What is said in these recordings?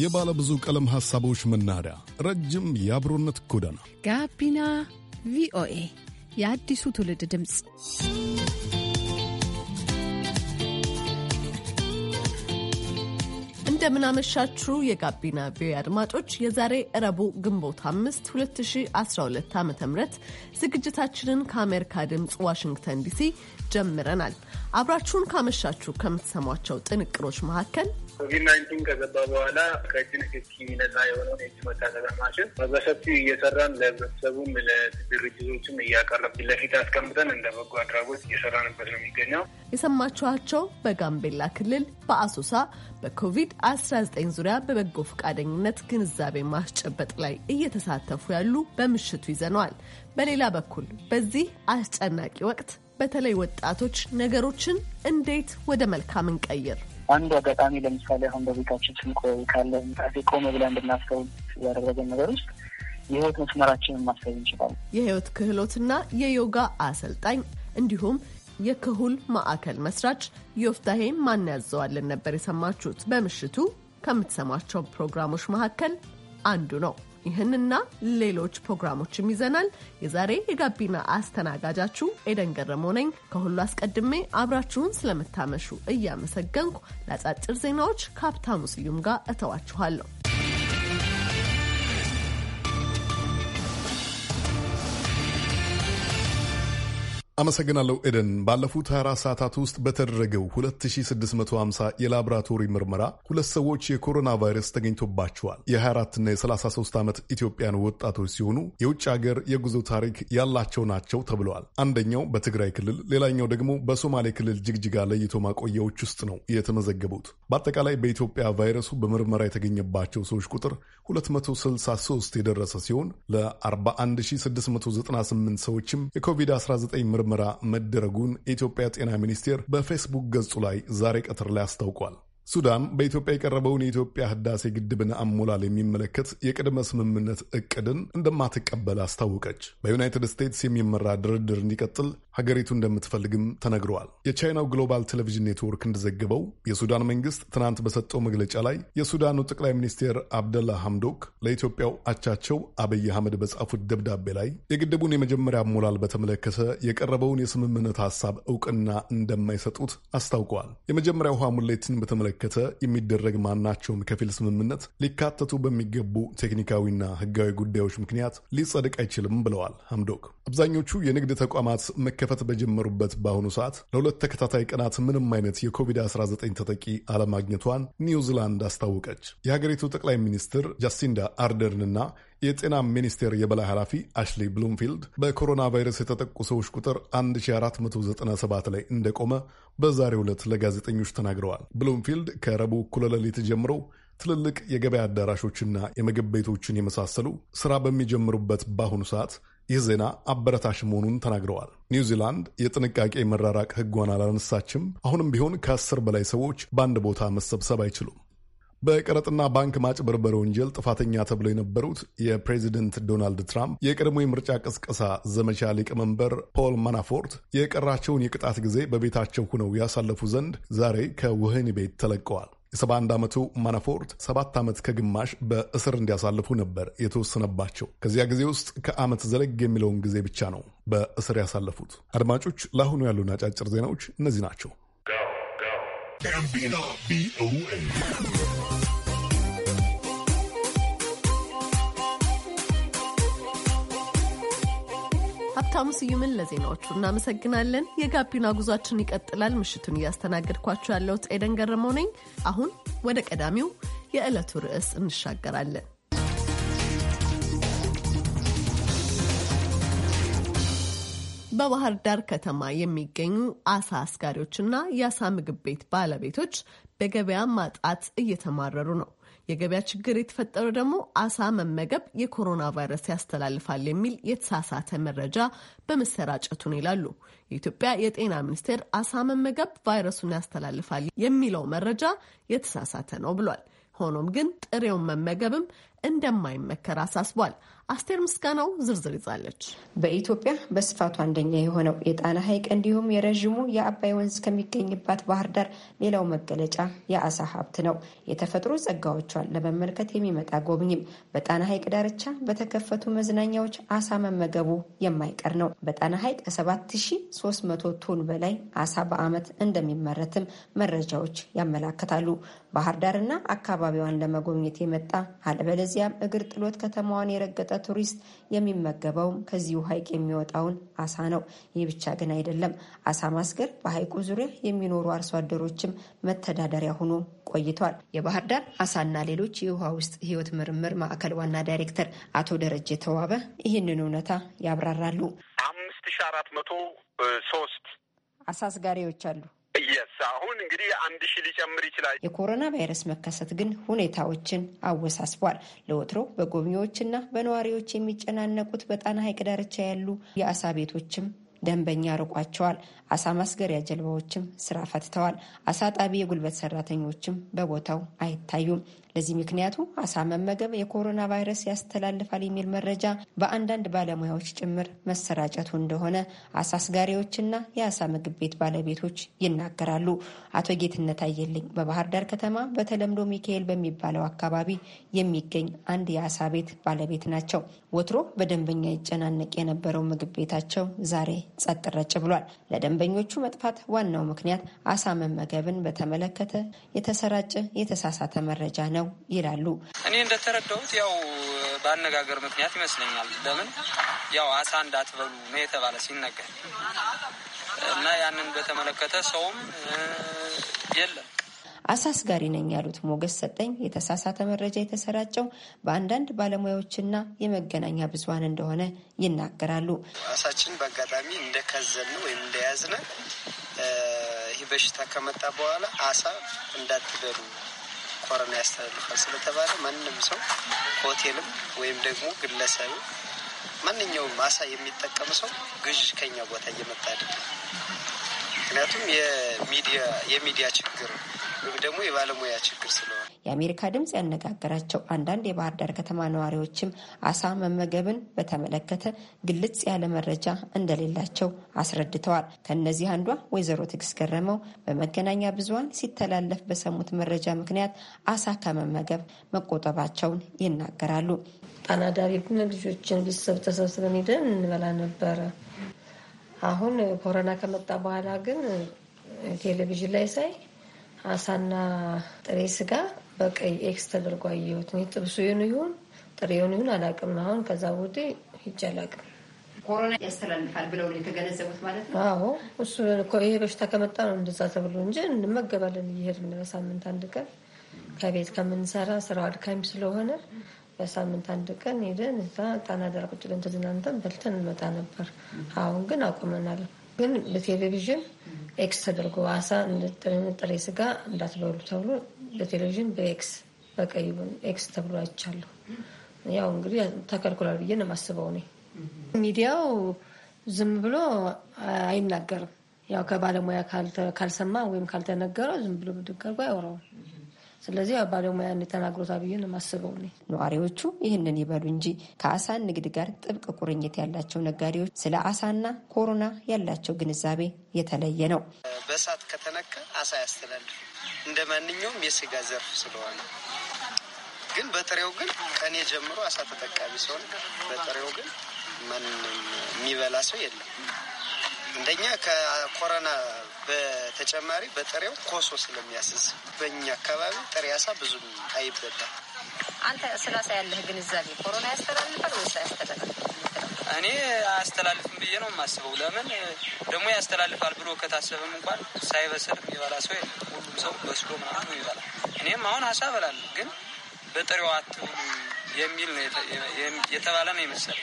የባለ ብዙ ቀለም ሐሳቦች መናኸሪያ፣ ረጅም የአብሮነት ጎዳና ጋቢና ቪኦኤ የአዲሱ ትውልድ ድምፅ። እንደምናመሻችሁ የጋቢና ቪኦኤ አድማጮች የዛሬ እረቡ ግንቦት 5 2012 ዓ ም ዝግጅታችንን ከአሜሪካ ድምፅ ዋሽንግተን ዲሲ ጀምረናል። አብራችሁን ካመሻችሁ ከምትሰሟቸው ጥንቅሮች መካከል ኮቪድ ናይንቲን ከገባ በኋላ ከእጅ ንክኪ ነጻ የሆነውን የእጅ መታጠቢያ ማሽን በሰፊው እየሰራን ለህብረተሰቡም ለድርጅቶችም እያቀረብ ለፊት አስቀምጠን እንደ በጎ አድራጎት እየሰራንበት ነው የሚገኘው። የሰማችኋቸው በጋምቤላ ክልል በአሶሳ በኮቪድ-19 ዙሪያ በበጎ ፈቃደኝነት ግንዛቤ ማስጨበጥ ላይ እየተሳተፉ ያሉ በምሽቱ ይዘነዋል። በሌላ በኩል በዚህ አስጨናቂ ወቅት በተለይ ወጣቶች ነገሮችን እንዴት ወደ መልካም እንቀይር አንዱ አጋጣሚ ለምሳሌ አሁን በቤታችን ስንቆይ ካለ ምጣፌ ቆመ ብላ እንድናስተው ያደረገ ነገር ውስጥ የህይወት መስመራችንን ማሰብ እንችላለን። የህይወት ክህሎትና የዮጋ አሰልጣኝ እንዲሁም የክሁል ማዕከል መስራች ዮፍታሄ ማን ያዘዋልን ነበር የሰማችሁት። በምሽቱ ከምትሰማቸው ፕሮግራሞች መካከል አንዱ ነው። ይህንና ሌሎች ፕሮግራሞችም ይዘናል። የዛሬ የጋቢና አስተናጋጃችሁ ኤደን ገረመው ነኝ። ከሁሉ አስቀድሜ አብራችሁን ስለምታመሹ እያመሰገንኩ ለአጫጭር ዜናዎች ከሀብታሙ ስዩም ጋር እተዋችኋለሁ። አመሰግናለሁ ኤደን። ባለፉት 24 ሰዓታት ውስጥ በተደረገው 2650 የላብራቶሪ ምርመራ ሁለት ሰዎች የኮሮና ቫይረስ ተገኝቶባቸዋል። የ24ና የ33 ዓመት ኢትዮጵያን ወጣቶች ሲሆኑ የውጭ ሀገር የጉዞ ታሪክ ያላቸው ናቸው ተብለዋል። አንደኛው በትግራይ ክልል፣ ሌላኛው ደግሞ በሶማሌ ክልል ጅግጅጋ ለይቶ ማቆያዎች ውስጥ ነው የተመዘገቡት። በአጠቃላይ በኢትዮጵያ ቫይረሱ በምርመራ የተገኘባቸው ሰዎች ቁጥር 263 የደረሰ ሲሆን ለ41698 ሰዎችም የኮቪድ-19 ምርመ ምርመራ መደረጉን የኢትዮጵያ ጤና ሚኒስቴር በፌስቡክ ገጹ ላይ ዛሬ ቀትር ላይ አስታውቋል። ሱዳን በኢትዮጵያ የቀረበውን የኢትዮጵያ ህዳሴ ግድብን አሞላል የሚመለከት የቅድመ ስምምነት እቅድን እንደማትቀበል አስታወቀች። በዩናይትድ ስቴትስ የሚመራ ድርድር እንዲቀጥል ሀገሪቱ እንደምትፈልግም ተነግረዋል። የቻይናው ግሎባል ቴሌቪዥን ኔትወርክ እንደዘገበው የሱዳን መንግስት ትናንት በሰጠው መግለጫ ላይ የሱዳኑ ጠቅላይ ሚኒስትር አብደላ ሐምዶክ ለኢትዮጵያው አቻቸው አብይ አህመድ በጻፉት ደብዳቤ ላይ የግድቡን የመጀመሪያ ሙላል በተመለከተ የቀረበውን የስምምነት ሀሳብ እውቅና እንደማይሰጡት አስታውቀዋል። የመጀመሪያ ውሃ ሙሌትን በተመለከተ የሚደረግ ማናቸውም ከፊል ስምምነት ሊካተቱ በሚገቡ ቴክኒካዊና ህጋዊ ጉዳዮች ምክንያት ሊጸድቅ አይችልም ብለዋል ሐምዶክ አብዛኞቹ የንግድ ተቋማት መከፈት በጀመሩበት በአሁኑ ሰዓት ለሁለት ተከታታይ ቀናት ምንም አይነት የኮቪድ-19 ተጠቂ አለማግኘቷን ኒውዚላንድ አስታወቀች። የሀገሪቱ ጠቅላይ ሚኒስትር ጃሲንዳ አርደርንና የጤና ሚኒስቴር የበላይ ኃላፊ አሽሊ ብሉምፊልድ በኮሮና ቫይረስ የተጠቁ ሰዎች ቁጥር 1497 ላይ እንደቆመ በዛሬው ዕለት ለጋዜጠኞች ተናግረዋል። ብሉምፊልድ ከረቡዕ እኩለ ሌሊት ጀምሮ ትልልቅ የገበያ አዳራሾችና የምግብ ቤቶችን የመሳሰሉ ስራ በሚጀምሩበት በአሁኑ ሰዓት ይህ ዜና አበረታሽ መሆኑን ተናግረዋል። ኒውዚላንድ የጥንቃቄ መራራቅ ሕጓን አላነሳችም። አሁንም ቢሆን ከአስር በላይ ሰዎች በአንድ ቦታ መሰብሰብ አይችሉም። በቀረጥና ባንክ ማጭበርበር ወንጀል ጥፋተኛ ተብለው የነበሩት የፕሬዚደንት ዶናልድ ትራምፕ የቀድሞ የምርጫ ቅስቀሳ ዘመቻ ሊቀመንበር ፖል ማናፎርት የቀራቸውን የቅጣት ጊዜ በቤታቸው ሆነው ያሳለፉ ዘንድ ዛሬ ከውህን ቤት ተለቀዋል። የ71 ዓመቱ ማናፎርት ሰባት ዓመት ከግማሽ በእስር እንዲያሳልፉ ነበር የተወሰነባቸው። ከዚያ ጊዜ ውስጥ ከዓመት ዘለግ የሚለውን ጊዜ ብቻ ነው በእስር ያሳለፉት። አድማጮች፣ ለአሁኑ ያሉን አጫጭር ዜናዎች እነዚህ ናቸው። ሀብታሙ ስዩምን ለዜናዎቹ እናመሰግናለን። የጋቢና ጉዟችን ይቀጥላል። ምሽቱን እያስተናገድኳችሁ ያለሁት ኤደን ገረመው ነኝ። አሁን ወደ ቀዳሚው የዕለቱ ርዕስ እንሻገራለን። በባህር ዳር ከተማ የሚገኙ አሳ አስጋሪዎችና የአሳ ምግብ ቤት ባለቤቶች በገበያ ማጣት እየተማረሩ ነው። የገበያ ችግር የተፈጠረው ደግሞ አሳ መመገብ የኮሮና ቫይረስ ያስተላልፋል የሚል የተሳሳተ መረጃ በመሰራጨቱን ይላሉ። የኢትዮጵያ የጤና ሚኒስቴር አሳ መመገብ ቫይረሱን ያስተላልፋል የሚለው መረጃ የተሳሳተ ነው ብሏል። ሆኖም ግን ጥሬውን መመገብም እንደማይመከር አሳስቧል። አስቴር ምስጋናው ዝርዝር ይዛለች። በኢትዮጵያ በስፋቱ አንደኛ የሆነው የጣና ሐይቅ እንዲሁም የረዥሙ የአባይ ወንዝ ከሚገኝባት ባህር ዳር ሌላው መገለጫ የአሳ ሀብት ነው። የተፈጥሮ ጸጋዎቿን ለመመልከት የሚመጣ ጎብኝም በጣና ሐይቅ ዳርቻ በተከፈቱ መዝናኛዎች አሳ መመገቡ የማይቀር ነው። በጣና ሐይቅ ከ7300 ቶን በላይ አሳ በዓመት እንደሚመረትም መረጃዎች ያመላክታሉ። ባህር ዳርና አካባቢዋን ለመጎብኘት የመጣ አለበለዚያም እግር ጥሎት ከተማዋን የረገጠ ቱሪስት የሚመገበውም ከዚሁ ሐይቅ የሚወጣውን አሳ ነው። ይህ ብቻ ግን አይደለም። አሳ ማስገር በሐይቁ ዙሪያ የሚኖሩ አርሶ አደሮችም መተዳደሪያ ሆኖ ቆይቷል። የባህር ዳር አሳና ሌሎች የውሃ ውስጥ ህይወት ምርምር ማዕከል ዋና ዳይሬክተር አቶ ደረጀ ተዋበ ይህንን እውነታ ያብራራሉ። አምስት ሺ አራት መቶ ሶስት አሳ አስጋሪዎች አሉ እየሳ አሁን እንግዲህ አንድ ሺ ሊጨምር ይችላል። የኮሮና ቫይረስ መከሰት ግን ሁኔታዎችን አወሳስቧል። ለወትሮ በጎብኚዎችና በነዋሪዎች የሚጨናነቁት በጣና ሐይቅ ዳርቻ ያሉ የአሳ ቤቶችም ደንበኛ ርቋቸዋል። አሳ ማስገሪያ ጀልባዎችም ስራ ፈትተዋል። አሳ ጣቢ የጉልበት ሰራተኞችም በቦታው አይታዩም። ለዚህ ምክንያቱ አሳ መመገብ የኮሮና ቫይረስ ያስተላልፋል የሚል መረጃ በአንዳንድ ባለሙያዎች ጭምር መሰራጨቱ እንደሆነ አሳ አስጋሪዎችና የአሳ ምግብ ቤት ባለቤቶች ይናገራሉ። አቶ ጌትነት አየልኝ በባህር ዳር ከተማ በተለምዶ ሚካኤል በሚባለው አካባቢ የሚገኝ አንድ የአሳ ቤት ባለቤት ናቸው። ወትሮ በደንበኛ ይጨናነቅ የነበረው ምግብ ቤታቸው ዛሬ ጸጥ ረጭ ብሏል። ለደንበኞቹ መጥፋት ዋናው ምክንያት አሳ መመገብን በተመለከተ የተሰራጨ የተሳሳተ መረጃ ነው ነው ይላሉ። እኔ እንደተረዳሁት ያው በአነጋገር ምክንያት ይመስለኛል። ለምን ያው አሳ እንዳትበሉ ነው የተባለ ሲነገር እና ያንን በተመለከተ ሰውም የለም አሳስጋሪ ነኝ ያሉት ሞገስ ሰጠኝ የተሳሳተ መረጃ የተሰራጨው በአንዳንድ ባለሙያዎችና የመገናኛ ብዙኃን እንደሆነ ይናገራሉ። ራሳችን በአጋጣሚ እንደከዘን ወይም እንደያዝነ ይህ በሽታ ከመጣ በኋላ አሳ እንዳትበሉ ኮረና ያስተላልፋል ስለተባለ ማንም ሰው ሆቴልም ወይም ደግሞ ግለሰብ ማንኛውም አሳ የሚጠቀም ሰው ግዥ ከኛ ቦታ እየመጣ አይደለም። ምክንያቱም የሚዲያ ችግር ይህ ደግሞ የባለሙያ ችግር ስለሆነ የአሜሪካ ድምፅ ያነጋገራቸው አንዳንድ የባህር ዳር ከተማ ነዋሪዎችም አሳ መመገብን በተመለከተ ግልጽ ያለ መረጃ እንደሌላቸው አስረድተዋል። ከእነዚህ አንዷ ወይዘሮ ትግስ ገረመው በመገናኛ ብዙሀን ሲተላለፍ በሰሙት መረጃ ምክንያት አሳ ከመመገብ መቆጠባቸውን ይናገራሉ። ጣና ዳሪ ልጆችን ቤተሰብ ተሰብስበን ሄደን እንበላ ነበረ። አሁን ኮረና ከመጣ በኋላ ግን ቴሌቪዥን ላይ ሳይ አሳና ጥሬ ስጋ በቀይ ኤክስ ተደርጎ አየሁት። ጥብሱ ይሁን ይሁን ጥሬውን ይሁን አላውቅም። አሁን ከዛ ቦዴ ሂጅ አላውቅም። ኮሮና ያስተላልፋል ብለው ነው የተገነዘቡት ማለት ነው። አዎ እሱ ይሄ በሽታ ከመጣ ነው እንደዛ ተብሎ እንጂ እንመገባለን እየሄድን በሳምንት አንድ ቀን ከቤት ከምንሰራ ስራው አድካሚ ስለሆነ በሳምንት አንድ ቀን ሄደን እዛ ጣና ዳር ብለን ተዝናንተን በልተን እንመጣ ነበር። አሁን ግን አቁመናል። ግን በቴሌቪዥን ኤክስ ተደርጎ አሳ፣ ጥሬ ስጋ እንዳትበሉ ተብሎ በቴሌቪዥን በኤክስ በቀይ ኤክስ ተብሎ አይቻለሁ። ያው እንግዲህ ተከልክሏል ብዬ ነው የማስበው እኔ። ሚዲያው ዝም ብሎ አይናገርም። ያው ከባለሙያ ካልሰማ ወይም ካልተነገረው ዝም ብሎ ብድግ አድርጎ አያወራውም። ስለዚህ ባለሙያ የተናግሮት ብዬን ማስበው ነ ነዋሪዎቹ ይህንን ይበሉ እንጂ ከአሳ ንግድ ጋር ጥብቅ ቁርኝት ያላቸው ነጋዴዎች ስለ አሳና ኮሮና ያላቸው ግንዛቤ የተለየ ነው። በእሳት ከተነካ አሳ ያስተላልፍ እንደ ማንኛውም የስጋ ዘርፍ ስለሆነ ግን በጥሬው ግን ከኔ ጀምሮ አሳ ተጠቃሚ ሲሆን በጥሬው ግን ማንም የሚበላ ሰው የለም። እንደኛ ከኮረና በተጨማሪ በጥሬው ኮሶ ስለሚያስዝ በእኛ አካባቢ ጥሬ አሳ ብዙም አይበላም። አንተ ስላሳ ያለህ ግንዛቤ ኮሮና ያስተላልፋል ወይስ አያስተላልፋል? እኔ አያስተላልፍም ብዬ ነው የማስበው። ለምን ደግሞ ያስተላልፋል ብሎ ከታሰበም እንኳን ሳይበስል የሚበላ ሰው ሁሉም ሰው በስሎ ምናምን ይበላል። እኔም አሁን አሳ እበላለሁ፣ ግን በጥሬው አት የሚል የተባለ ነው ይመስላል።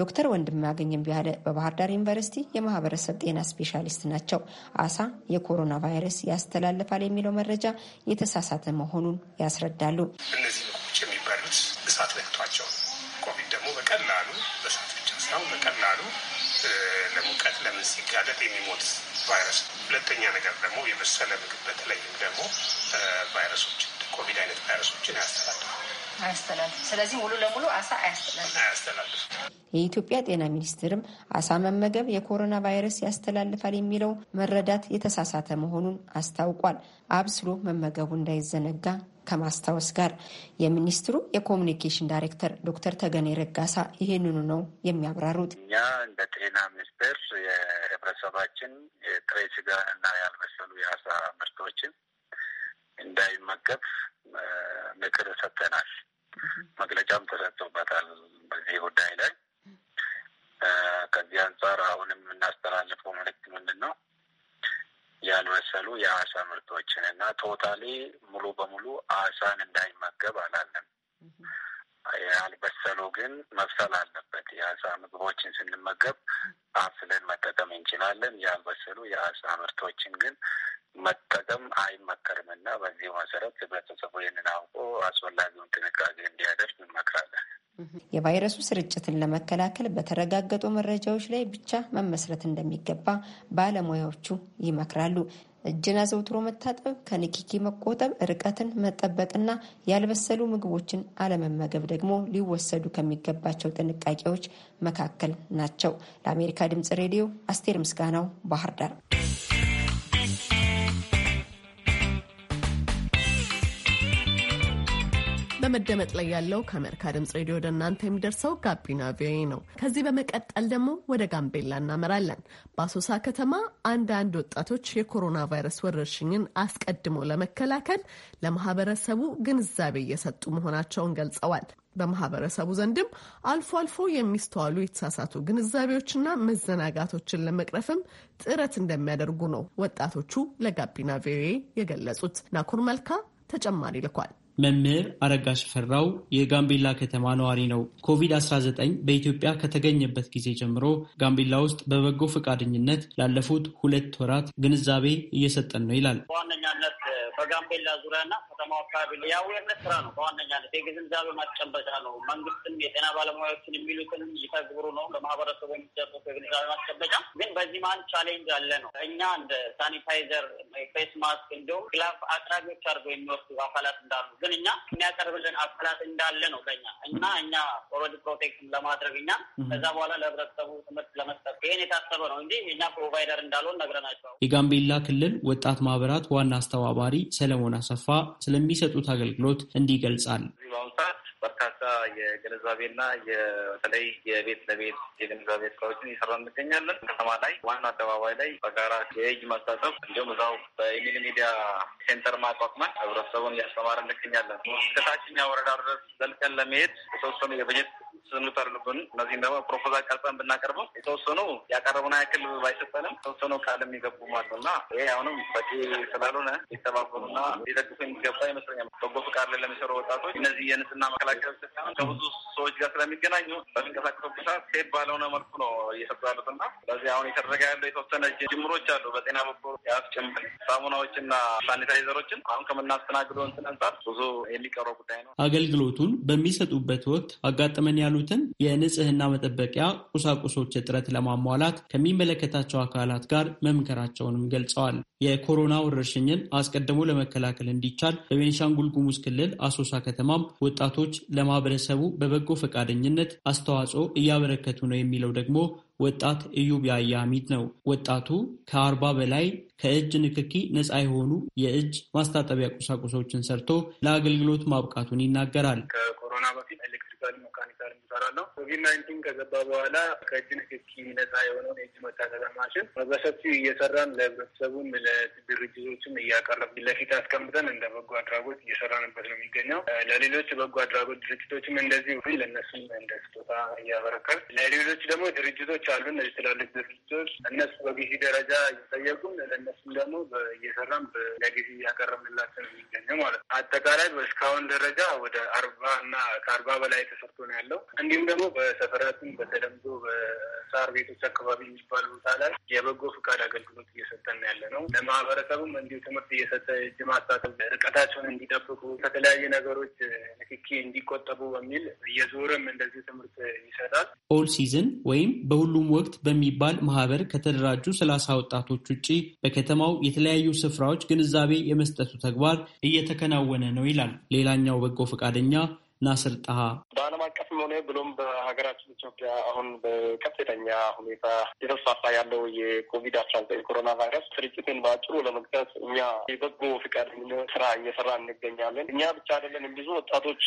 ዶክተር ወንድማገኝ ቢያለ በባህር ዳር ዩኒቨርሲቲ የማህበረሰብ ጤና ስፔሻሊስት ናቸው። አሳ የኮሮና ቫይረስ ያስተላልፋል የሚለው መረጃ የተሳሳተ መሆኑን ያስረዳሉ። እነዚህ ምግቦች የሚበሉት እሳት ነክቷቸው፣ ኮቪድ ደግሞ በቀላሉ በእሳት ብቻ ሳይሆን በቀላሉ ለሙቀት ለምን ሲጋለጥ የሚሞት ቫይረስ ነው። ሁለተኛ ነገር ደግሞ የበሰለ ምግብ በተለይም ደግሞ ቫይረሶችን ኮቪድ አይነት ቫይረሶችን ያስተላልፋል። አያስተላልፍ። ስለዚህ ሙሉ ለሙሉ አሳ አያስተላልፍ። የኢትዮጵያ ጤና ሚኒስትርም አሳ መመገብ የኮሮና ቫይረስ ያስተላልፋል የሚለው መረዳት የተሳሳተ መሆኑን አስታውቋል። አብስሎ መመገቡ እንዳይዘነጋ ከማስታወስ ጋር የሚኒስትሩ የኮሚኒኬሽን ዳይሬክተር ዶክተር ተገኔ ረጋሳ ይህንኑ ነው የሚያብራሩት። እኛ እንደ ጤና ሚኒስቴር የህብረተሰባችን የጥሬ ስጋ እና ያልበሰሉ የአሳ ምርቶችን እንዳይመገብ ምክር ሰጥተናል። መግለጫም ተሰጥቶበታል በዚህ ጉዳይ ላይ። ከዚህ አንጻር አሁንም የምናስተላልፈው መልዕክት ምንድን ነው? ያልበሰሉ የአሳ ምርቶችን እና ቶታሊ ሙሉ በሙሉ አሳን እንዳይመገብ አላለም። ያልበሰሉ ግን መብሰል አለበት። የአሳ ምግቦችን ስንመገብ አፍለን መጠቀም እንችላለን። ያልበሰሉ የአሳ ምርቶችን ግን መጠቀም አይመከርም። እና በዚህ መሰረት ህብረተሰቡ ይህንን አውቆ አስፈላጊውን ጥንቃቄ እንዲያደርግ እንመክራለን። የቫይረሱ ስርጭትን ለመከላከል በተረጋገጡ መረጃዎች ላይ ብቻ መመስረት እንደሚገባ ባለሙያዎቹ ይመክራሉ። እጅን አዘውትሮ መታጠብ፣ ከንኪኪ መቆጠብ፣ ርቀትን መጠበቅና ያልበሰሉ ምግቦችን አለመመገብ ደግሞ ሊወሰዱ ከሚገባቸው ጥንቃቄዎች መካከል ናቸው። ለአሜሪካ ድምጽ ሬዲዮ አስቴር ምስጋናው ባህር ዳር በመደመጥ ላይ ያለው ከአሜሪካ ድምጽ ሬዲዮ ወደ እናንተ የሚደርሰው ጋቢና ቪኦኤ ነው። ከዚህ በመቀጠል ደግሞ ወደ ጋምቤላ እናመራለን። በአሶሳ ከተማ አንዳንድ ወጣቶች የኮሮና ቫይረስ ወረርሽኝን አስቀድሞ ለመከላከል ለማህበረሰቡ ግንዛቤ እየሰጡ መሆናቸውን ገልጸዋል። በማህበረሰቡ ዘንድም አልፎ አልፎ የሚስተዋሉ የተሳሳቱ ግንዛቤዎችና መዘናጋቶችን ለመቅረፍም ጥረት እንደሚያደርጉ ነው ወጣቶቹ ለጋቢና ቪኦኤ የገለጹት። ናኩር መልካ ተጨማሪ ልኳል። መምህር አረጋ ሽፈራው የጋምቤላ ከተማ ነዋሪ ነው። ኮቪድ-19 በኢትዮጵያ ከተገኘበት ጊዜ ጀምሮ ጋምቤላ ውስጥ በበጎ ፈቃደኝነት ላለፉት ሁለት ወራት ግንዛቤ እየሰጠን ነው ይላል። በዋነኛነት በጋምቤላ ዙሪያና ከተማ አካባቢ የአዌርነት ስራ ነው። በዋነኛነት የግንዛቤ ማስጨበጫ ነው። መንግስትም የጤና ባለሙያዎችን የሚሉትን ይተግብሩ ነው። ለማህበረሰቡ የሚደረጉ የግንዛቤ ማስጨበጫ ግን በዚህ መሀል ቻሌንጅ አለ ነው። እኛ እንደ ሳኒታይዘር፣ ፌስ ማስክ እንዲሁም ግላፍ አቅራቢዎች አድርገው የሚወስዱ አካላት እንዳሉ ያለብን እኛ የሚያቀርብልን አካላት እንዳለ ነው ከኛ እና እኛ ኦልሬዲ ፕሮቴክት ለማድረግ እኛ ከዛ በኋላ ለህብረተሰቡ ትምህርት ለመስጠት ይህን የታሰበ ነው እንጂ እኛ ፕሮቫይደር እንዳልሆን ነግረናቸው። የጋምቤላ ክልል ወጣት ማህበራት ዋና አስተባባሪ ሰለሞን አሰፋ ስለሚሰጡት አገልግሎት እንዲህ ይገልጻል። በአሁኑ ሰዓት በርካታ የግንዛቤና በተለይ የቤት ለቤት የግንዛቤ ስራዎችን እየሰራ እንገኛለን። ከተማ ላይ ዋና አደባባይ ላይ በጋራ የእጅ መታጠብ እንዲሁም እዛው በኢሚል ሚዲያ ሴንተር ማቋቁመን ህብረተሰቡን እያስተማረ እንገኛለን። እስከታችኛ ወረዳ ድረስ ዘልቀን ለመሄድ የተወሰኑ የበጀት ስንጠርልብን እነዚህም ደግሞ ፕሮፖዛል ቀርጸን ብናቀርበው የተወሰኑ ያቀረቡን ያክል ባይሰጠንም የተወሰኑ ቃል የሚገቡ ማለት እና ይሄ አሁንም በቂ ስላልሆነ ሊተባበሩና ሊደግፉ የሚገባ ይመስለኛል። በጎ ፍቃድ ላይ ለሚሰሩ ወጣቶች እነዚህ የንጽህና መከላ ባላገር ሳይሆን ከብዙ ሰዎች ጋር ስለሚገናኙ በሚንቀሳቀሱበት ሰዓት ሴፍ ባለሆነ መልኩ ነው እየሰጡ ያሉት እና ስለዚህ አሁን የተደረገ ያለው የተወሰነ ጅምሮች አሉ። በጤና በኩል ያስ ጭምር ሳሙናዎች ሳኒታይዘሮችን አሁን ከምናስተናግደው እንትን አንጻር ብዙ የሚቀረው ጉዳይ ነው። አገልግሎቱን በሚሰጡበት ወቅት አጋጥመን ያሉትን የንጽህና መጠበቂያ ቁሳቁሶች እጥረት ለማሟላት ከሚመለከታቸው አካላት ጋር መምከራቸውንም ገልጸዋል። የኮሮና ወረርሽኝን አስቀድሞ ለመከላከል እንዲቻል በቤንሻንጉል ጉሙዝ ክልል አሶሳ ከተማም ወጣቶች ለማህበረሰቡ በበጎ ፈቃደኝነት አስተዋጽኦ እያበረከቱ ነው የሚለው ደግሞ ወጣት እዩብ ያያ ነው። ወጣቱ ከአርባ በላይ ከእጅ ንክኪ ነፃ የሆኑ የእጅ ማስታጠቢያ ቁሳቁሶችን ሰርቶ ለአገልግሎት ማብቃቱን ይናገራል። ከኮሮና በፊት ኤሌክትሪካል ነው። ኮቪድ ናይንቲን ከገባ በኋላ ከእጅ ንክኪ ነጻ የሆነውን የእጅ መታጠቢያ ማሽን በሰፊው እየሰራን ለህብረተሰቡም ለድርጅቶችም እያቀረብ ለፊት አስቀምጠን እንደ በጎ አድራጎት እየሰራንበት ነው የሚገኘው። ለሌሎች በጎ አድራጎት ድርጅቶችም እንደዚህ ለእነሱም እንደ ስጦታ እያበረከል ለሌሎች ደግሞ ድርጅቶች አሉ እነዚህ ትላልቅ ድርጅቶች እነሱ በጊዜ ደረጃ እየጠየቁም ለእነሱም ደግሞ እየሰራን ለጊዜ እያቀረብንላቸው ነው የሚገኘው ማለት ነው። አጠቃላይ በእስካሁን ደረጃ ወደ አርባ እና ከአርባ በላይ ተሰርቶ ነው ያለው። እንዲሁም ደግሞ በሰፈራችን በተለምዶ በሳር ቤቶች አካባቢ የሚባሉ ቦታ ላይ የበጎ ፍቃድ አገልግሎት እየሰጠን ያለ ነው። ለማህበረሰቡም እንዲሁ ትምህርት እየሰጠ እጅ ማሳተፍ፣ ርቀታቸውን እንዲጠብቁ፣ ከተለያዩ ነገሮች ንክኪ እንዲቆጠቡ በሚል እየዞረም እንደዚህ ትምህርት ይሰጣል። ኦል ሲዝን ወይም በሁሉም ወቅት በሚባል ማህበር ከተደራጁ ሰላሳ ወጣቶች ውጭ በከተማው የተለያዩ ስፍራዎች ግንዛቤ የመስጠቱ ተግባር እየተከናወነ ነው ይላል ሌላኛው በጎ ፈቃደኛ ናስር ጣሃ ሆነ ብሎም በሀገራችን ኢትዮጵያ አሁን በከፍተኛ ሁኔታ የተስፋፋ ያለው የኮቪድ አስራ ዘጠኝ ኮሮና ቫይረስ ስርጭትን በአጭሩ ለመግታት እኛ የበጎ ፍቃድ ስራ እየሰራ እንገኛለን። እኛ ብቻ አይደለንም። ብዙ ወጣቶች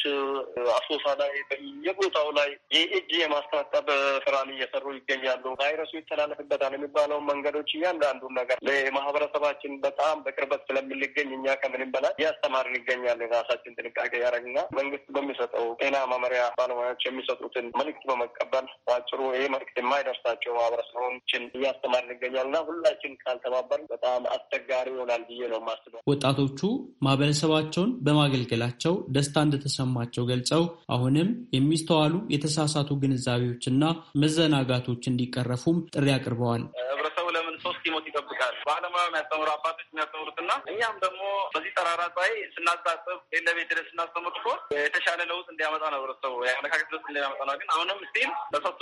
አሶሳ ላይ በየቦታው ላይ የእጅ የማስታጠብ ስራን እየሰሩ ይገኛሉ። ቫይረሱ ይተላለፍበታል የሚባለውን መንገዶች እያንዳንዱን ነገር ለማህበረሰባችን በጣም በቅርበት ስለምንገኝ እኛ ከምንም በላይ እያስተማርን ይገኛል። የራሳችን ጥንቃቄ ያደረግና መንግስት በሚሰጠው ጤና መመሪያ ባለሙያዎች የሚሰጡትን መልእክት በመቀበል በአጭሩ ይህ መልዕክት የማይደርሳቸው ማህበረሰቦችን እያስተማር ይገኛል እና ሁላችን ካልተባበር በጣም አስቸጋሪ ይሆናል ብዬ ነው የማስበው። ወጣቶቹ ማህበረሰባቸውን በማገልገላቸው ደስታ እንደተሰማቸው ገልጸው አሁንም የሚስተዋሉ የተሳሳቱ ግንዛቤዎችና መዘናጋቶች እንዲቀረፉም ጥሪ አቅርበዋል። ህብረተሰቡ ሶስት ቲሞት ይጠብቃል። ባለሙያ የሚያስተምሩ አባቶች የሚያስተምሩት እና እኛም ደግሞ በዚህ ጠራራ ፀሐይ ስናሳጥብ ሌለ ቤት ድረስ ስናስተምር እኮ የተሻለ ለውጥ እንዲያመጣ ነው ህብረተሰቡ የአመለካከት ለውጥ እንዲያመጣ ነው። ግን አሁንም ስቲል በሰቶ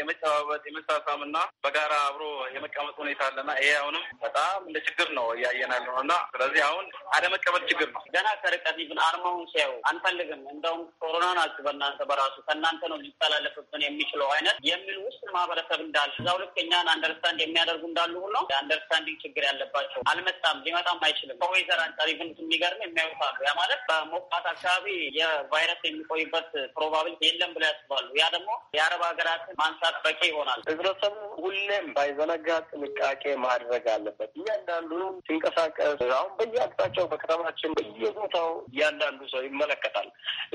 የመጨባበጥ የመሳሳም እና በጋራ አብሮ የመቀመጥ ሁኔታ አለና ይሄ አሁንም በጣም እንደ ችግር ነው እያየናል ነው እና ስለዚህ አሁን አለመቀበል ችግር ነው። ገና ከርቀት ይብን አርማውን ሲያዩ አንፈልግም፣ እንደውም ኮሮና ናችሁ በእናንተ በራሱ ከእናንተ ነው ሊተላለፍብን የሚችለው አይነት የሚል ውስጥ ማህበረሰብ እንዳለ እዛው ልክ እኛን አንደርስታንድ የሚያደርጉ እንዳሉ እንዳሉ ሁሉ የአንደርስታንዲንግ ችግር ያለባቸው አልመጣም፣ ሊመጣም አይችልም። ከወይዘር አንጻር ይህን የሚገርም የሚያውቃሉ። ያ ማለት በሞቃት አካባቢ የቫይረስ የሚቆይበት ፕሮባብል የለም ብለው ያስባሉ። ያ ደግሞ የአረብ ሀገራትን ማንሳት በቂ ይሆናል። ህብረተሰቡ ሁሌም ባይዘነጋ ጥንቃቄ ማድረግ አለበት። እያንዳንዱ ሲንቀሳቀስ አሁን በየአቅጣጫው በከተማችን በየቦታው እያንዳንዱ ሰው ይመለከታል።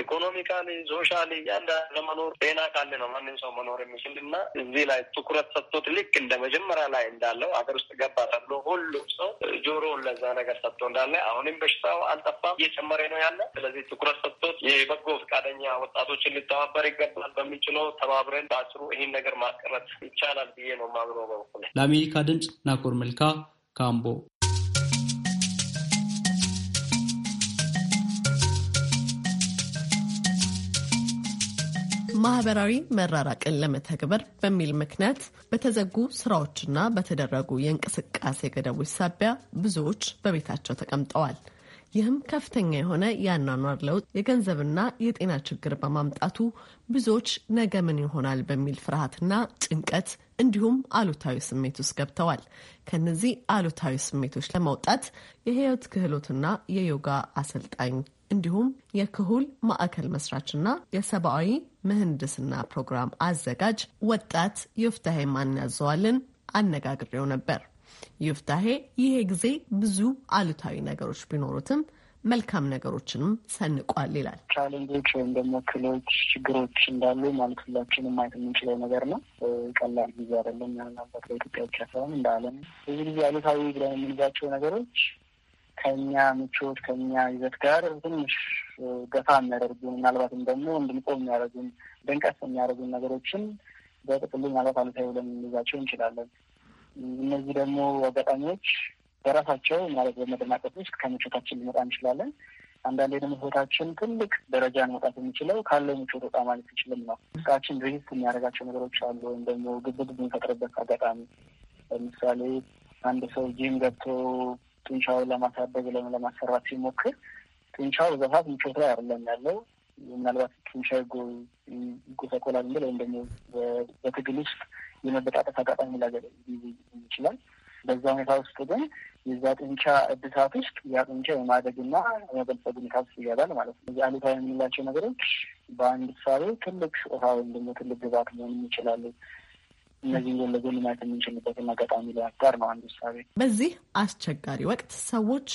ኢኮኖሚካሊ፣ ሶሻሊ እያንዳንዱ ለመኖር ጤና ካለ ነው ማንም ሰው መኖር የሚችል እና እዚህ ላይ ትኩረት ሰጥቶት ልክ እንደ መጀመሪያ ላይ እንዳለው ነው። ሀገር ውስጥ ገባ ተብሎ ሁሉም ሰው ጆሮውን ለዛ ነገር ሰጥቶ እንዳለ አሁንም በሽታው አልጠፋም፣ እየጨመረ ነው ያለ። ስለዚህ ትኩረት ሰጥቶት የበጎ ፈቃደኛ ወጣቶችን ሊተባበር ይገባል። በሚችለው ተባብረን በአጭሩ ይህን ነገር ማቀረት ይቻላል ብዬ ነው የማምነው በበኩል ለአሜሪካ ድምፅ ናኮር መልካ ካምቦ ማህበራዊ መራራቅን ለመተግበር በሚል ምክንያት በተዘጉ ስራዎችና በተደረጉ የእንቅስቃሴ ገደቦች ሳቢያ ብዙዎች በቤታቸው ተቀምጠዋል። ይህም ከፍተኛ የሆነ የአኗኗር ለውጥ፣ የገንዘብና የጤና ችግር በማምጣቱ ብዙዎች ነገ ምን ይሆናል በሚል ፍርሃትና ጭንቀት እንዲሁም አሉታዊ ስሜት ውስጥ ገብተዋል። ከነዚህ አሉታዊ ስሜቶች ለመውጣት የህይወት ክህሎትና የዮጋ አሰልጣኝ እንዲሁም የክሁል ማዕከል መስራችና የሰብአዊ ምህንድስና ፕሮግራም አዘጋጅ ወጣት ዮፍታሄ ማናዘዋልን አነጋግሬው ነበር። ዮፍታሄ ይሄ ጊዜ ብዙ አሉታዊ ነገሮች ቢኖሩትም መልካም ነገሮችንም ሰንቋል ይላል። ቻሌንጆች ወይም ደግሞ ክሎች፣ ችግሮች እንዳሉ ማለት ሁላችንም ማየት የምንችለው ነገር ነው። ቀላል ጊዜ አይደለም ያለበት በኢትዮጵያ ብቻ ሳይሆን እንደ ዓለም ብዙ ጊዜ አሉታዊ ብለን የምንዛቸው ነገሮች ከኛ ምቾት ከኛ ይዘት ጋር ትንሽ ገፋ የሚያደርጉን ምናልባትም ደግሞ እንድንቆም የሚያደርጉን ደንቀስ የሚያደርጉን ነገሮችን በጥቅሉ ምናልባት አሉታዊ ብለን ልንይዛቸው እንችላለን። እነዚህ ደግሞ አጋጣሚዎች በራሳቸው ማለት በመደናቀፍ ውስጥ ከምቾታችን ሊመጣ እንችላለን። አንዳንዴ ደግሞ ቦታችን ትልቅ ደረጃ መውጣት የሚችለው ካለው ምቾት ወጣ ማለት ይችልም ነው። እስካችን ሪስክ የሚያደርጋቸው ነገሮች አሉ፣ ወይም ደግሞ ግብግብ የሚፈጥርበት አጋጣሚ ለምሳሌ አንድ ሰው ጂም ገብቶ ጡንቻውን ለማሳደግ ወይም ለማሰራት ሲሞክር ጡንቻው በዛት ምቾት ላይ አይደለም ያለው። ምናልባት ጡንቻ ይጎሰቆላል ብል ወይም ደግሞ በትግል ውስጥ የመበጣጠፍ አጋጣሚ ላገ ይችላል። በዛ ሁኔታ ውስጥ ግን የዛ ጡንቻ እድሳት ውስጥ ያ ጡንቻ የማደግና የመበልጸግ ሁኔታ ውስጥ ይገባል ማለት ነው። አሉታዊ የምንላቸው ነገሮች በአንድ ሳቤ ትልቅ ውሃ ወይም ደግሞ ትልቅ ግባት መሆን ይችላሉ። እነዚህን ጎን ለጎን ማየት የምንችልበትን አጋጣሚ ለመፍጠር ነው አንዱ ሳቤ። በዚህ አስቸጋሪ ወቅት ሰዎች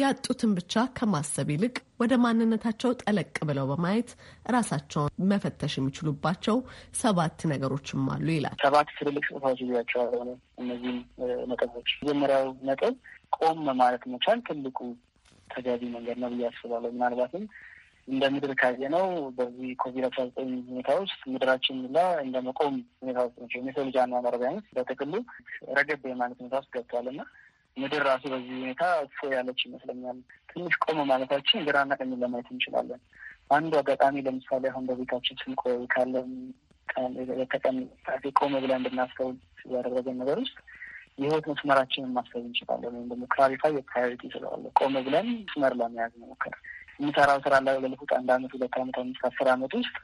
ያጡትን ብቻ ከማሰብ ይልቅ ወደ ማንነታቸው ጠለቅ ብለው በማየት ራሳቸውን መፈተሽ የሚችሉባቸው ሰባት ነገሮችም አሉ ይላል። ሰባት ትልልቅ ስጦታዎች ይያቸዋል። እነዚህም ነጥቦች መጀመሪያው ነጥብ ቆም ማለት መቻል ትልቁ ተገቢ መንገድ ነው ብዬ አስባለሁ። ምናልባትም እንደ ምድር ካየ ነው በዚህ ኮቪድ አስራ ዘጠኝ ሁኔታ ውስጥ ምድራችን ላ እንደ መቆም ሁኔታ ውስጥ ናቸው። የሰው ልጅ አኗኗር ቢያንስ በጥቅሉ ረገብ የማለት ሁኔታ ውስጥ ገብቷል እና ምድር ራሱ በዚህ ሁኔታ እፎ ያለች ይመስለኛል። ትንሽ ቆም ማለታችን ግራና ቀኝ ለማየት እንችላለን። አንዱ አጋጣሚ ለምሳሌ አሁን በቤታችን ስንቆይ ካለን ተቀን ቆመ ብለን እንድናስተውል ያደረገን ነገር ውስጥ የህይወት መስመራችንን ማሰብ እንችላለን። ወይም ደግሞ ክላሪፋይ የፕራዮሪቲ ስለዋለ ቆመ ብለን መስመር ለመያዝ መሞከር የምሰራው ስራ ላለፉት አንድ አመት ሁለት አመት አምስት አስር አመት ውስጥ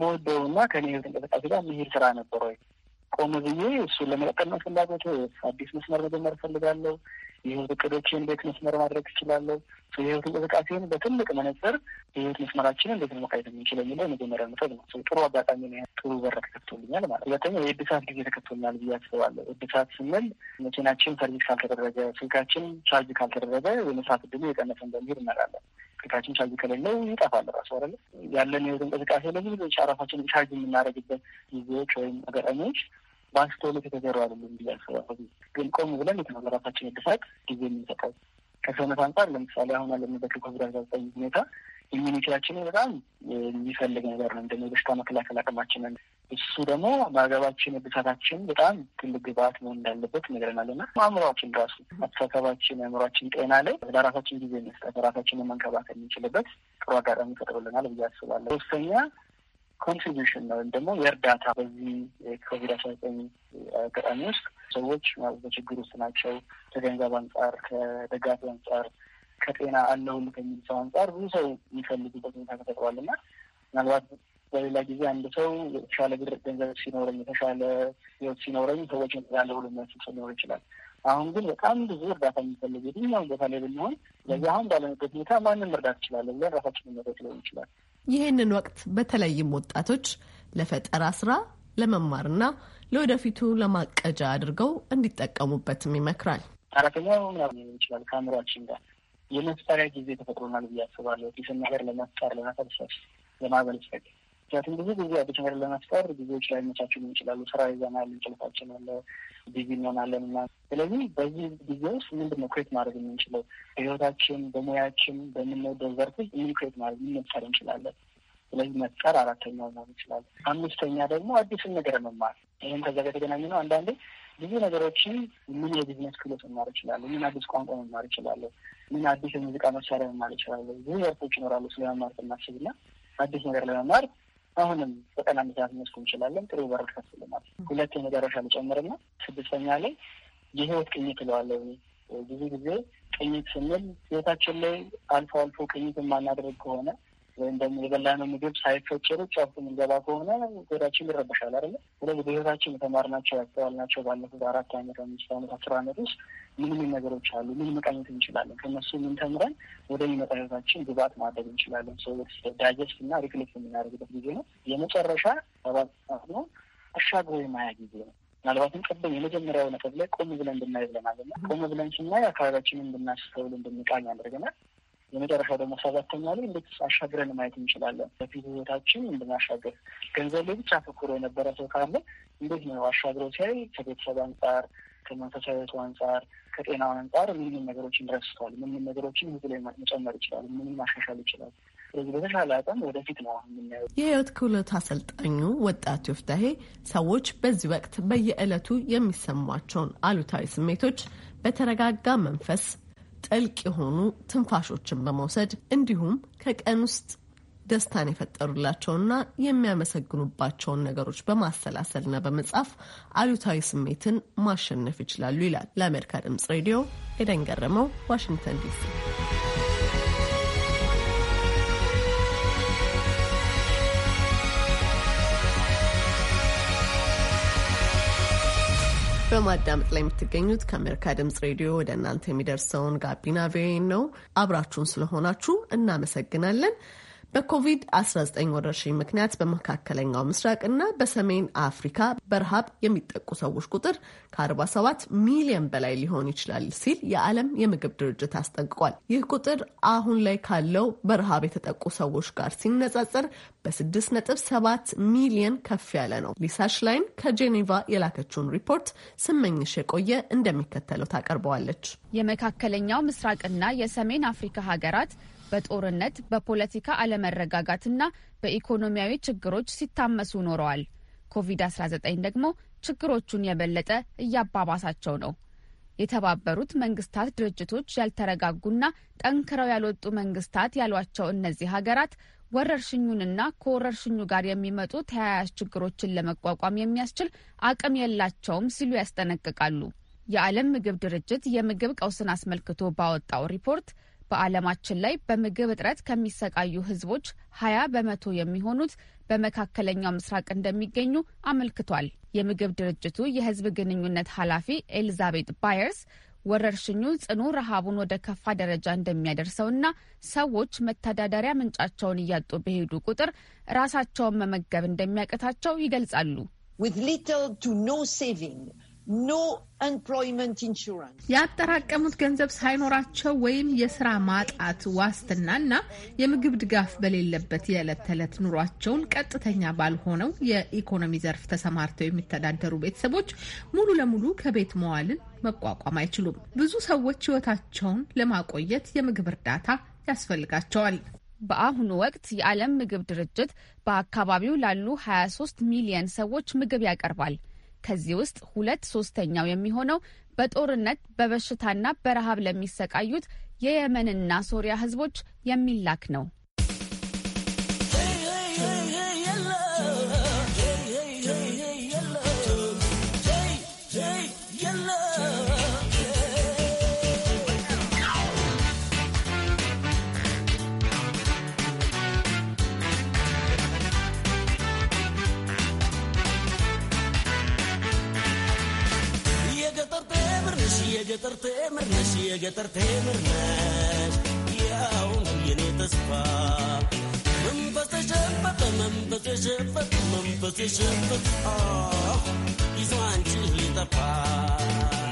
መወደውና ከኔ ህይወት እንቅስቃሴ ጋር መሄድ ስራ ነበር ወይ? ቆም ብዬ እሱን ለመቀጠል ነው ፍላጎት፣ አዲስ መስመር መጀመር እፈልጋለሁ የህይወት እቅዶችን እንዴት መስመር ማድረግ እችላለሁ፣ የህይወት እንቅስቃሴን በትልቅ መነጽር የህይወት መስመራችንን እንዴት መቃየት የምንችል የሚለው የመጀመሪያ መውሰድ ነው። ጥሩ አጋጣሚ ነው። ጥሩ በር ተከፍቶልኛል ማለት ሁለተኛ የእድሳት ጊዜ ተከፍቶልናል ብዬ አስባለሁ። እድሳት ስንል መኪናችን ሰርቪስ ካልተደረገ፣ ስልካችን ቻርጅ ካልተደረገ የመስራት ዕድሉ የቀነሰ እንደሚሄድ እናራለን። ስልካችን ቻርጅ ከሌለው ይጠፋል ራሱ አለ ያለን የህይወት እንቅስቃሴ ለብዙ ቻራፋችን ቻርጅ የምናደርግበት ጊዜዎች ወይም አጋጣሚዎች በአስተውሎት የተዘሩ አይደለም ብዬ አስባለሁ። ግን ቆም ብለን የተመራራታችን እድሳት ጊዜ የምንሰጠው ከሰውነት አንጻር ለምሳሌ አሁን ያለንበት ኮቪድ አስራ ዘጠኝ ሁኔታ ኢሚኒቲያችን በጣም የሚፈልግ ነገር ነው። እንደ በሽታ መከላከል አቅማችንን እሱ ደግሞ በሀገባችን ብሳታችን በጣም ትልቅ ግብአት መሆን እንዳለበት ነግረናል እና አእምሯችን ራሱ አስተሳሰባችን፣ አእምሯችን ጤና ላይ ለራሳችን ጊዜ መስጠት ራሳችንን መንከባከል የሚችልበት ጥሩ አጋጣሚ ፈጥሮልናል ብዬ አስባለሁ። ሶስተኛ ኮንትሪቢሽን ነው ወይም ደግሞ የእርዳታ በዚህ ኮቪድ አስራ ዘጠኝ አጋጣሚ ውስጥ ሰዎች በችግር ውስጥ ናቸው። ከገንዘብ አንጻር፣ ከደጋፊ አንጻር፣ ከጤና አለውም ከሚል ሰው አንጻር ብዙ ሰው የሚፈልጉበት ሁኔታ ተፈጥሯል እና ምናልባት በሌላ ጊዜ አንድ ሰው የተሻለ ገንዘብ ሲኖረኝ የተሻለ ህይወት ሲኖረኝ ሰዎች ያለ ሁሉ የሚያስብ ሰው ሊኖር ይችላል። አሁን ግን በጣም ብዙ እርዳታ የሚፈልግ የትኛውን ቦታ ላይ ብንሆን ለዚህ አሁን ባለንበት ሁኔታ ማንም እርዳት ይችላለን ብለን ራሳችን መመረት ሊሆን ይችላል። ይህንን ወቅት በተለይም ወጣቶች ለፈጠራ ስራ ለመማርና ለወደፊቱ ለማቀጃ አድርገው እንዲጠቀሙበትም ይመክራል። አራተኛው ምናምን ይችላል ከአእምሯችን ጋር የመፍጠሪያ ጊዜ ተፈጥሮናል ብዬ አስባለሁ። ነገር ለመፍጠር ለመፈልሰፍ ለማበልጸግ ምክንያቱም ብዙ ጊዜ አዲሽነር ለመፍጠር ጊዜዎች ላይ መቻችሉ ይችላሉ። ስራ ይዘናል፣ እንጭልፋችን አለ፣ ቢዚ እንሆናለን እና ስለዚህ በዚህ ጊዜ ውስጥ ምንድን ነው ክሬት ማድረግ የምንችለው በህይወታችን፣ በሙያችን፣ በምንወደው ዘርፍ ምን ክሬት ማድረግ ምን መፍጠር እንችላለን። ስለዚህ መፍጠር አራተኛው መሆን ይችላል። አምስተኛ ደግሞ አዲስን ነገር መማር። ይህም ከዛ ጋር የተገናኘ ነው። አንዳንዴ ብዙ ነገሮችን ምን የቢዝነስ ክህሎት መማር ይችላለሁ፣ ምን አዲስ ቋንቋ መማር ይችላለሁ፣ ምን አዲስ የሙዚቃ መሳሪያ መማር ይችላለሁ። ብዙ ዘርፎች ይኖራሉ ስለመማር ስናስብና አዲስ ነገር ለመማር አሁንም ዘጠና ምክንያት መስኩ እንችላለን ጥሩ በር ከፍልናል። ሁለት የመጨረሻ ልጨምርና ስድስተኛ ላይ የህይወት ቅኝት እለዋለሁ። ብዙ ጊዜ ቅኝት ስንል ህይወታችን ላይ አልፎ አልፎ ቅኝት የማናደርግ ከሆነ ወይም ደግሞ የበላነው ምግብ ሳይፈጭሩ ጨፍ ምንገባ ከሆነ ጎዳችን ይረበሻል አይደለ? ስለዚህ በህይወታችን የተማርናቸው ያስተዋልናቸው ባለፉት አራት አመት፣ አምስት አመት፣ አስር አመት ውስጥ ምን ምን ነገሮች አሉ? ምን መቃኘት እንችላለን? ከነሱ ምን ተምረን ወደ ሚመጣ ህይወታችን ግባት ማድረግ እንችላለን? ሰዎች ዳይጀስት እና ሪፍሌክት የምናደርግበት ጊዜ ነው። የመጨረሻ ሰባት ሰዓት ነው አሻግሮ የማያ ጊዜ ነው። ምናልባትም ቅድም የመጀመሪያው ነጥብ ላይ ቆም ብለን እንድናይ ብለናል። ቆም ብለን ስናይ አካባቢያችንን እንድናስተውል እንድንቃኝ አድርገናል። የመጨረሻው ደግሞ ሰባተኛ ላይ እንዴት አሻግረን ማየት እንችላለን። በፊት ህይወታችን እንድናሻገር ገንዘብ ላይ ብቻ አተኩሮ የነበረ ሰው ካለ እንዴት ነው አሻግረው ሲያይ ከቤተሰብ አንጻር ከመንፈሳዊቱ አንጻር ከጤናው አንጻር ምን ነገሮችን ረስቷል፣ ምን ነገሮችን ህዝብ ላይ መጨመር ይችላል፣ ምን ማሻሻል ይችላል። ስለዚህ በተሻለ አቅም ወደፊት ነው የምናየው። የህይወት ክህሎት አሰልጣኙ ወጣት ዮፍታሄ ሰዎች በዚህ ወቅት በየዕለቱ የሚሰሟቸውን አሉታዊ ስሜቶች በተረጋጋ መንፈስ ጥልቅ የሆኑ ትንፋሾችን በመውሰድ እንዲሁም ከቀን ውስጥ ደስታን የፈጠሩላቸውና የሚያመሰግኑባቸውን ነገሮች በማሰላሰልና በመጻፍ አሉታዊ ስሜትን ማሸነፍ ይችላሉ ይላል። ለአሜሪካ ድምጽ ሬዲዮ ኤደን ገረመው፣ ዋሽንግተን ዲሲ በማዳመጥ ላይ የምትገኙት ከአሜሪካ ድምጽ ሬዲዮ ወደ እናንተ የሚደርሰውን ጋቢና ቪኦኤ ነው። አብራችሁን ስለሆናችሁ እናመሰግናለን። በኮቪድ-19 ወረርሽኝ ምክንያት በመካከለኛው ምስራቅ እና በሰሜን አፍሪካ በረሃብ የሚጠቁ ሰዎች ቁጥር ከ47 ሚሊዮን በላይ ሊሆን ይችላል ሲል የዓለም የምግብ ድርጅት አስጠንቅቋል። ይህ ቁጥር አሁን ላይ ካለው በረሃብ የተጠቁ ሰዎች ጋር ሲነጻጸር በ6.7 ሚሊዮን ከፍ ያለ ነው። ሊሳ ሽላይን ከጄኔቫ የላከችውን ሪፖርት ስመኝሽ የቆየ እንደሚከተለው ታቀርበዋለች። የመካከለኛው ምስራቅና የሰሜን አፍሪካ ሀገራት በጦርነት በፖለቲካ አለመረጋጋትና በኢኮኖሚያዊ ችግሮች ሲታመሱ ኖረዋል። ኮቪድ-19 ደግሞ ችግሮቹን የበለጠ እያባባሳቸው ነው። የተባበሩት መንግስታት ድርጅቶች ያልተረጋጉና ጠንክረው ያልወጡ መንግስታት ያሏቸው እነዚህ ሀገራት ወረርሽኙንና ከወረርሽኙ ጋር የሚመጡ ተያያዥ ችግሮችን ለመቋቋም የሚያስችል አቅም የላቸውም ሲሉ ያስጠነቅቃሉ። የዓለም ምግብ ድርጅት የምግብ ቀውስን አስመልክቶ ባወጣው ሪፖርት በዓለማችን ላይ በምግብ እጥረት ከሚሰቃዩ ህዝቦች ሀያ በመቶ የሚሆኑት በመካከለኛው ምስራቅ እንደሚገኙ አመልክቷል። የምግብ ድርጅቱ የህዝብ ግንኙነት ኃላፊ ኤሊዛቤት ባየርስ ወረርሽኙ ጽኑ ረሃቡን ወደ ከፋ ደረጃ እንደሚያደርሰውና ሰዎች መተዳደሪያ ምንጫቸውን እያጡ በሄዱ ቁጥር ራሳቸውን መመገብ እንደሚያቅታቸው ይገልጻሉ። ኖ ኤምፕሎይመንት ኢንሹራንስ ያጠራቀሙት ገንዘብ ሳይኖራቸው ወይም የስራ ማጣት ዋስትናና የምግብ ድጋፍ በሌለበት የዕለት ተዕለት ኑሯቸውን ቀጥተኛ ባልሆነው የኢኮኖሚ ዘርፍ ተሰማርተው የሚተዳደሩ ቤተሰቦች ሙሉ ለሙሉ ከቤት መዋልን መቋቋም አይችሉም። ብዙ ሰዎች ህይወታቸውን ለማቆየት የምግብ እርዳታ ያስፈልጋቸዋል። በአሁኑ ወቅት የዓለም ምግብ ድርጅት በአካባቢው ላሉ 23 ሚሊየን ሰዎች ምግብ ያቀርባል። ከዚህ ውስጥ ሁለት ሶስተኛው የሚሆነው በጦርነት በበሽታና በረሃብ ለሚሰቃዩት የየመንና ሶሪያ ህዝቦች የሚላክ ነው قطر تمرناش يا قطر تمرناش يا عمري تصفى منبط شفط منبط شفط منبط شفط آه يزوان تشلي طفى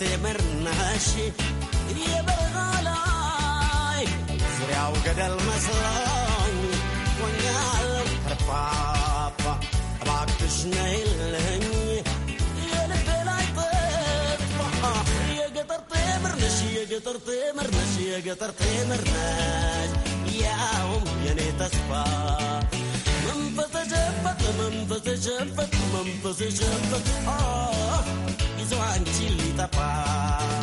تمر ماشي يا برغالاي زرع وقدل مصران ونعل رفاطة راك تشنه الهني يا لبلاي طفة يا قطر تمرنش يا قطر تمرنش يا قطر تمرنش يا هم يا نيت اصفى من فتجفت من فتجفت من فتجفت آه zuwa cili tafa.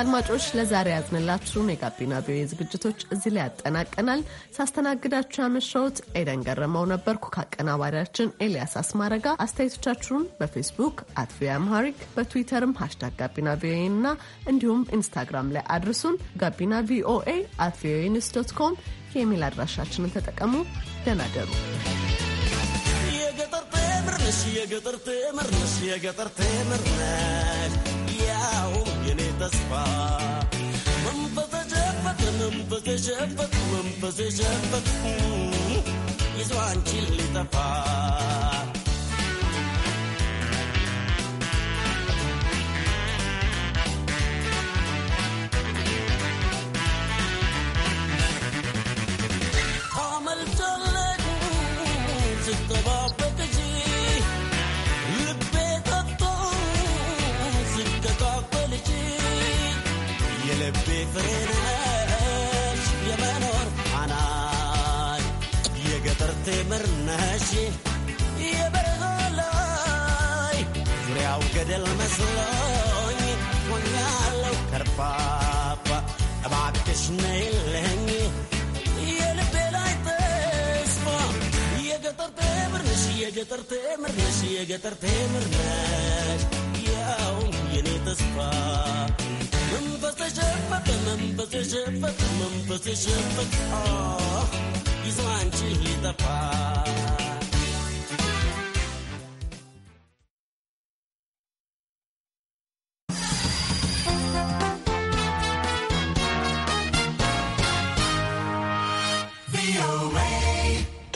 አድማጮች ለዛሬ ያዝንላችሁን የጋቢና ቪኦኤ ዝግጅቶች እዚህ ላይ ያጠናቀናል። ሳስተናግዳችሁ ያመሻውት ኤደን ገረመው ነበርኩ ከአቀናባሪያችን ኤልያስ አስማረጋ። አስተያየቶቻችሁን በፌስቡክ አት ቪኦኤ አምሃሪክ በትዊተርም ሃሽታግ ጋቢና ቪኦኤ እና እንዲሁም ኢንስታግራም ላይ አድርሱን። ጋቢና ቪኦኤ አት ቪኦኤ ኒውስ ዶት ኮም የኢሜል አድራሻችንን ተጠቀሙ። ደህና ደሩ። مرناش يا قطر تمرناش يا قطر تمرناش يا ومجني تصفى منفض جفت منفض جفت منفض جفت يزوان جلي تفا تبقى ልቤ ፍሬነሽ የመኖር አናይ የገጠር ቴምርነሽ የበረሃ ላይ ዙሪያው ገደል መስሎኝ ሆኛለሁ ከርፋፋ እባክሽ ነይልኝ የልቤ ላይ ተስፋ የገጠር ቴምርነሽ የገጠር ቴምርነሽ የገጠር ቴምር ቴምርነሽ ያው የኔ ተስፋ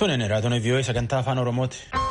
Tun inni irraa tuni vii'oo isa afaan Oromooti.